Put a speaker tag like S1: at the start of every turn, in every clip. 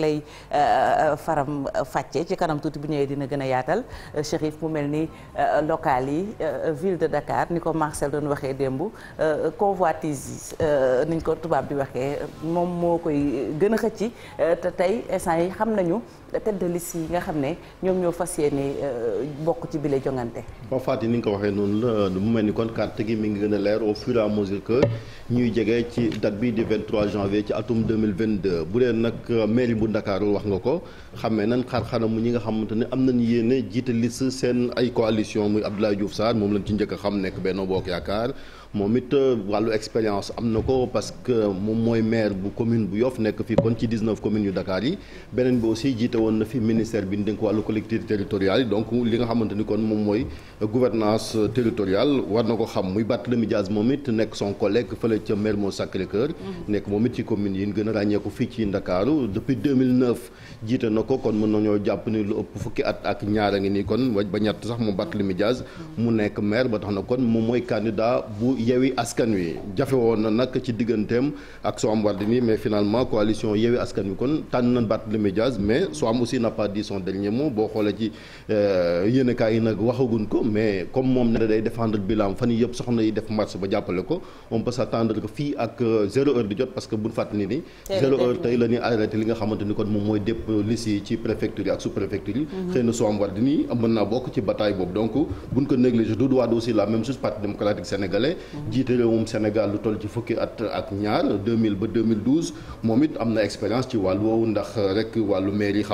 S1: lay euh, euh, faram euh, fàccee ci kanam tuuti bu ñëwee dina gën a yaatal Chérif mu mel ni local yi ville de Dakar ni ko Marcel doon waxee démb convoitise yi niñ ko tubaab di waxee moom moo koy gën a xëcc te tey instant yi xam nañu tête de yi nga xam ne ñoom ñoo fas yéene euh, bokk ci bile jongante.
S2: ba Fatick ni nga ko waxee noonu la mu mel ni kon carte gi mi ngi gën a leer au fur et à mesure que ñuy jege ci date bi di 23 janvier ci atum bu dee nag euh, mairie bu Ndakaaru wax nga ko xamee nan xar xanamu ñi nga xamante ne am nañu yéene jiite liste seen ay coalition muy Abdoulaye Diouf Sarr moom lañ ci njëkk a xam nekk Benno Bokk Yaakaar moom it euh, wàllu expérience am na ko parce que moom mooy maire bu commune bu Yoff nekk fii kon ci 19 communes yu Dakar yi beneen bi aussi jiite woon na fi ministère bi ñu dénk wàllu collectivité territoriale donc li nga xamante ni kon moom mooy gouvernance territoriale war na ko xam muy Barthélémy Dias moom it nekk son collègue fële ca Mermoz Sacré-Cœur mm-hmm. nekk moom it ci commune yi gën a ràññeeku fii ci Ndakaaru depuis jiite na ko kon mën nañoo jàpp ni lu ëpp fukki at ak ñaar a ngi nii kon ba ñett sax moom Barthélémy Dias mm-hmm. mu nekk maire ba tax na kon moom mooy candidat bu Yewwi Askan Wi jafe Soham aussi n'a pas dit son dernier mot boo xoolee ci euh, yéenekaay yi nag waxaguñ ko mais comme moom ne day défendre bilan fan yii yëpp soxna yi def marche ba jàppale ko on peut s'attendre que fii ak euh, zéro heure di jot parce que buñ fàttali ni. zéro heure tey la ñuy arrêté li nga xamante kon moom mooy dépp liste yi ci préfecture yi ak sous-préfecture yi. Mhm. xëy na Soham Wardini mën naa bokk ci bataille boobu donc buñ ko négligé du doigt aussi la même chose parti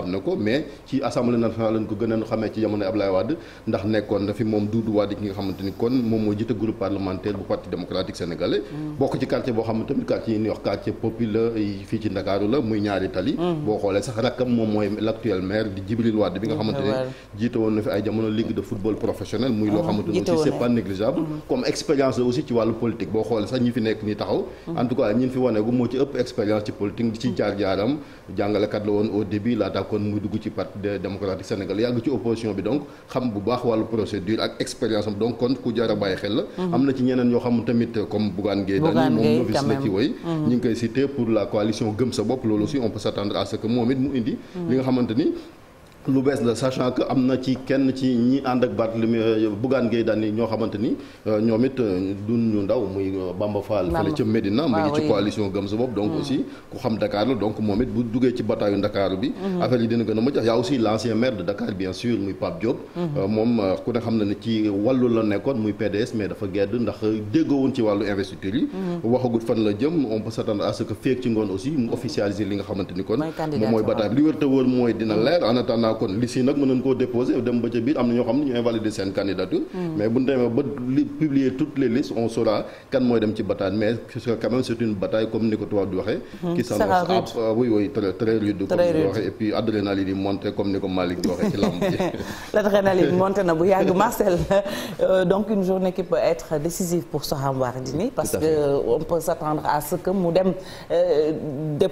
S2: xam na mais ci assemblée nationale lañ ko gën a xamee ci jamono Ablaye Wade ndax nekkoon na fi moom Doudou Wade ki nga xamante kon moom moo jiite groupe parlementaire bu parti démocratique sénégalais. Mm. boo xam ne quartier mm. boo xoolee sax mooy l'actuel maire di Djibril Wade bi nga xamante ne woon na fi ay jamono ligue de football professionnel muy loo mm. xamante ne aussi c'est fi nekk nii taxaw en tout cas ñi fi waneegu moo ci ëpp jàppoon dugg ci parti démocratique Sénégal yàgg ci opposition bi donc xam bu baax wàllu procédure ak expérience am donc kon ku jar bàyyi xel la. Mhm. am na ci ñeneen ñoo xam tamit comme Bougane Gueye Dany moom novice la ci woy mhm. ñu ngi koy cité pour la coalition gëm sa bopp loolu aussi on peut à ce que moom it mu indi mhm. li nga xamante ni lu bees la sachant que am na ci kenn ci ñi ànd ak Barthélemy euh, Bougane Gueye Dany ñoo xamante ni euh, ñoom it euh, du ñu ndaw muy Bamba Fall fële ca Médina mu ngi ci coalition gëm sa bopp donc mm. aussi ku xam Dakar la donc moom it bu duggee ci bataayu Dakar bi mm-hmm. affaire dina gën a ma yaa aussi l' ancien maire bien sûr muy Pape Diop mm-hmm. moom ku ne xam na ne ci wàllu la nekkoon muy PDS mais dafa gedd ndax déggoowuñ ci wàllu investiture yi mm-hmm. waxagut fan la jëm on peut ah kon liste yi nag mën nañ koo déposer dem ba ca biir am na ñoo xam ne ñu invalider seen candidature. Hmm. mais bu ñu ba publier toutes les listes on saura kan mooy dem ci bataille mais quand même c'est une bataille comme ni ko tubaab di waxee. Hmm. qui s'annonce à ah oui oui comme ni ko waxee et puis adrénaline yi di waxee ci lamb ji.
S1: na bu yàgg Marcel euh, donc une journée qui peut être décisive pour Soham Wardini parce que on peut s'attendre à ce que mu dem euh,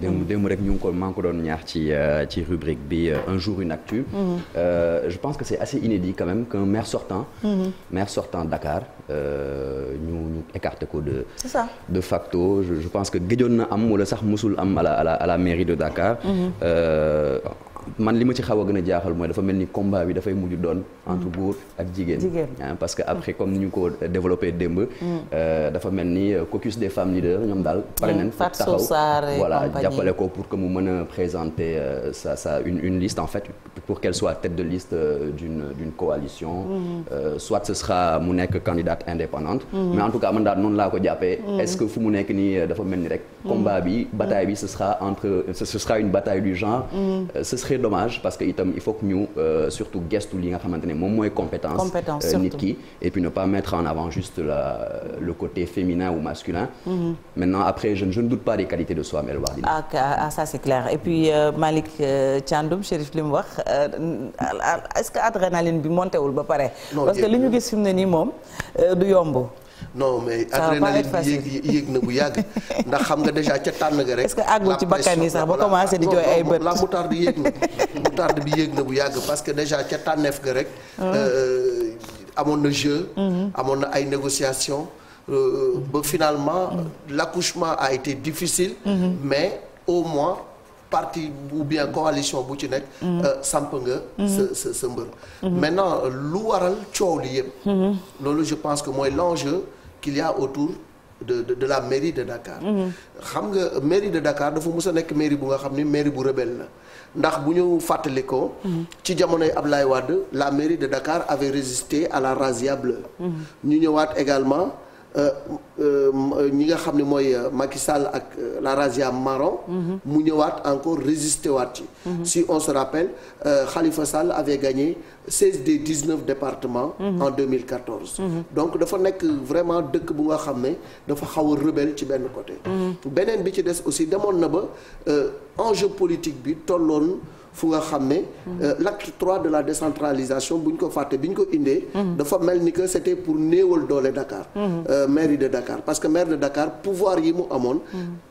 S3: démb mm-hmm. démb rek ñu ngi ko maa ko doon ñaax ci euh, ci rubrique bi euh, un jour une actu. Mm-hmm. Euh, je pense que c'est assez inédit quand même qu'un maire sortant. Mm-hmm. maire sortant Dakar ñu ñu écarté ko de. c'est ça de facto je pense que gëjoon na am wala sax mosul am à la à la mairie de Dakar. man li ma ci xaw a gën a jaaxal mooy dafa mel ni combat bi dafay mujj doon entre góor ak jigéen ah, parce que après comme ni ñu ko développé démb mm. euh, dafa mel ni euh, caucus des femmes leaders ñoom daal pare nañ mm. fa taxaw voilà jàppale ko pour que mu mën a présenter euh, sa sa une une liste en fait pour qu'elle soit tête de liste euh, d'une d'une coalition mhm. euh, soit ce sera mu nekk candidate indépendante mhm. mais en tout cas man daal noonu laa mhm. est-ce que fu mu nekk nii euh, dafa ni rek combat bi bataille bi ce sera une bataille du genre ce serait dommage parce que faut que ñu surtout gestu li nga xamante ne moom mooy compétence nit ki et puis ne pas mettre en avant juste la le côté féminin ou masculin maintenant après je ne doute pas des qualités de Soham
S1: Euh, est-ce que adrénaline bi monté wul ba pare. parce que li ñu gis fi mu ne nii moom euh, du yomb.
S4: non mais adrénaline bi yéeg yéeg na bu yàgg ndax xam nga déjà ca tànn ga rek. la moutarde yéeg euh, amoon na jeu. amoon na ay négociations. ba finalement l'accouchement a été difficile. mais au moins. parti ou bien coalition bu ci nekk. Mm. Euh, samp nga. Mm. sa sa sa mbër. Mm-hmm. maintenant lu waral coow li yëpp. Mm-hmm. loolu je pense que mooy l'enjeu qu'il y autour de de la mairie de Dakar. Mm-hmm. xam nga mairie de Dakar dafa mus a nekk mairie bu nga xam ni mairie bu rebelle la ndax bu ñu fàttalikoo. ci jamono jamonoy lay Wade la mairie de Dakar avait résisté à la razzia ñu ñëwaat également. Euh, euh, euh, ñi nga xam ne mooy Macky Sall ak la razzia marron mm-hmm. mu ñëwaat encore résister waat ci mm-hmm. si on se rappelle Khalifa Sall avait gagné seize des dix-neuf départements mm-hmm. en 2014 donc dafa nekk vraiment dëkk bu nga xam ne dafa xaw a ci benn côté beneen bi ci des aussi demoon na ba enjeu politique bi tolloon fu nga xam ne. Mm-hmm. Euh, l'acte 3 de la décentralisation bu ko fàtte bi ko indee. Mm-hmm. dafa mel ni que c'était pour néewal doole Dakar. Mm-hmm. Euh, mairie de parce que maire de Dakar pouvoir yi mu amoon.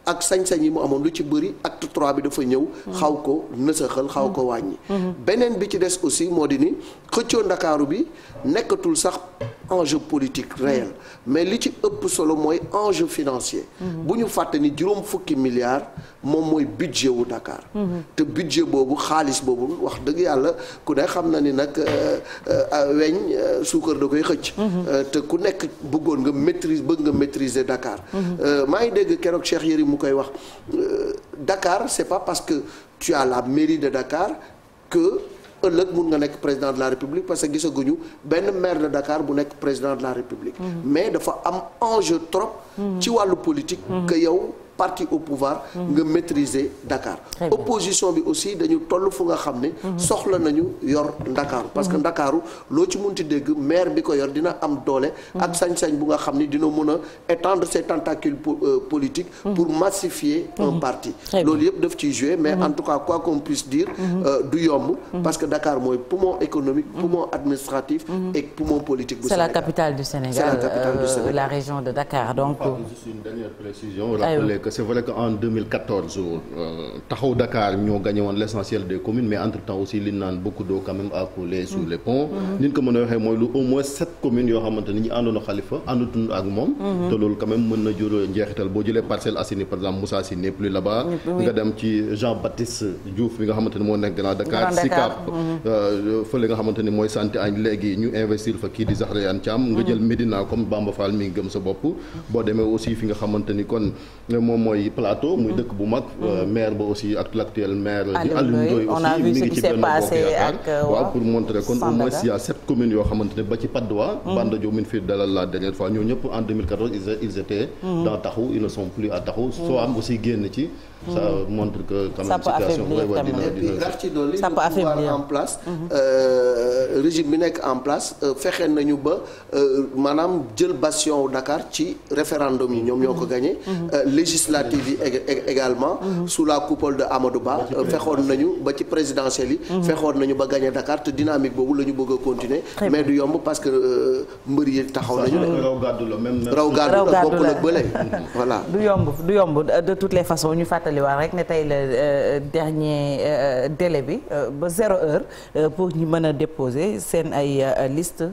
S4: ak sañ-sañ yi mu amoon lu ci bëri acte 3 bi dafa ñëw. xaw ko nësaxal xaw ko wàññi. beneen bi ci des aussi moo di ni xëccoo Ndakaaru bi nekkatul sax. enjeu politique réel mais li ci ëpp solo mooy enjeu financier bu ñu fàtte ni juróom fukki milliards moom mooy budget wu Dakar te budget boobu xaalis boobu wax dëgg yàlla ku ne xam na ni nag euh, euh, weñ euh, suukar da koy xëcc te ku nekk bëggoon nga maîtrise bëgg nga maîtriser Dakar maa dégg keroog Cheikh Yérim mu koy wax Dakar c'est pas parce que tu as de Dakar que ëllëg mun nga nekk président de la république parce que gisaguñu benn maire de Dakar bu nekk président de la république. Mm-hmm. mais dafa am enjeu trop. Mm-hmm. ci wàllu politique. Mm-hmm. que yow. parti au pouvoir. nga maîtriser Dakar. opposition bi aussi dañu toll fu nga xam ni mhm. soxla nañu yor Ndakaaru parce que mhm. Ndakaaru loo ci mun ti dégg maire bi ko yor dina am doole. Mhm. ak sañ-sañ bu nga xam ne dina mën a étendre ses tentacules euh, politiques. pour massifier un parti. loolu yëpp def ci jouer mais en tout cas quoi qu'on puisse dire. Euh, du yomb parce que Dakar mooy poumon économique. poumon administratif. et poumon politique bu Sénégal. c'est la capitale du euh, Sénégal. que
S2: c'est vrai que en 2014 euh, taxaw Dakar ñoo gagné woon l'essentiel des mais entre temps aussi li naan beaucoup d'eau quand même a coulé sous mm. les ponts. Mm-hmm. ni ñu ko mën a waxee mooy lu au moins sept communes yoo xamante ni ñu àndoon Khalifa àndatuñu ak moom. Mm-hmm. te loolu quand mën na jur njeexital boo jëlee Parcelles Assainies par exemple Moussa Sy plus là nga dem ci Jean Baptiste Diouf bi nga xamante mm-hmm. euh, mooy santé añ léegi ñu investir fa kii di Zahra Thiam. nga jël Médina comme sa bopp boo demee aussi fi nga xamante ni kon euh, moom mooy plateau. muy dëkk bu mag. Mm-hmm. Euh, maire ba aussi ak l'actuel maire. Alioune Ndoye aussi mi ngi ci benn bokk yaakaar euh, waaw pour montrer kon au moins il y a sept yoo xamante ne ba ci Patte d'Oie. Mm-hmm. Banda Diop mi fi dalal la dernière fois ñoo ñëpp en 2014 ils ils mm-hmm. plus à soo am aussi génn ci. ça montre que quand même situation.
S4: ça peut affaiblir en place. Euh, régime bi nañu ba maanaam jël bastion Dakar ci référendum yi ñoom ñoo ko gagné. législatives yi également mhm. sous la coupole de Amadou Ba euh, fexoon nañu ba ci présidentielle yi mhm. fexoon nañu ba gagné Dakar te dynamique boobu la bëgg a continuer mais du yomb parce que euh, mbër yi taxaw nañu
S1: ne
S2: raw
S4: gàddu la bokk nag ba
S1: léegi du yomb du yomb euh, de toutes les façons ñu fàttaliwaat rek ne tey la dernier délai bi ba zéro heure pour ñu mën a déposer seen ay liste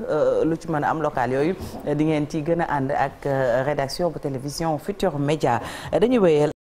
S1: lu ci mën a am local yooyu di ci gën a ànd ak rédaction bu télévision Futurs Médias dañuy wéyal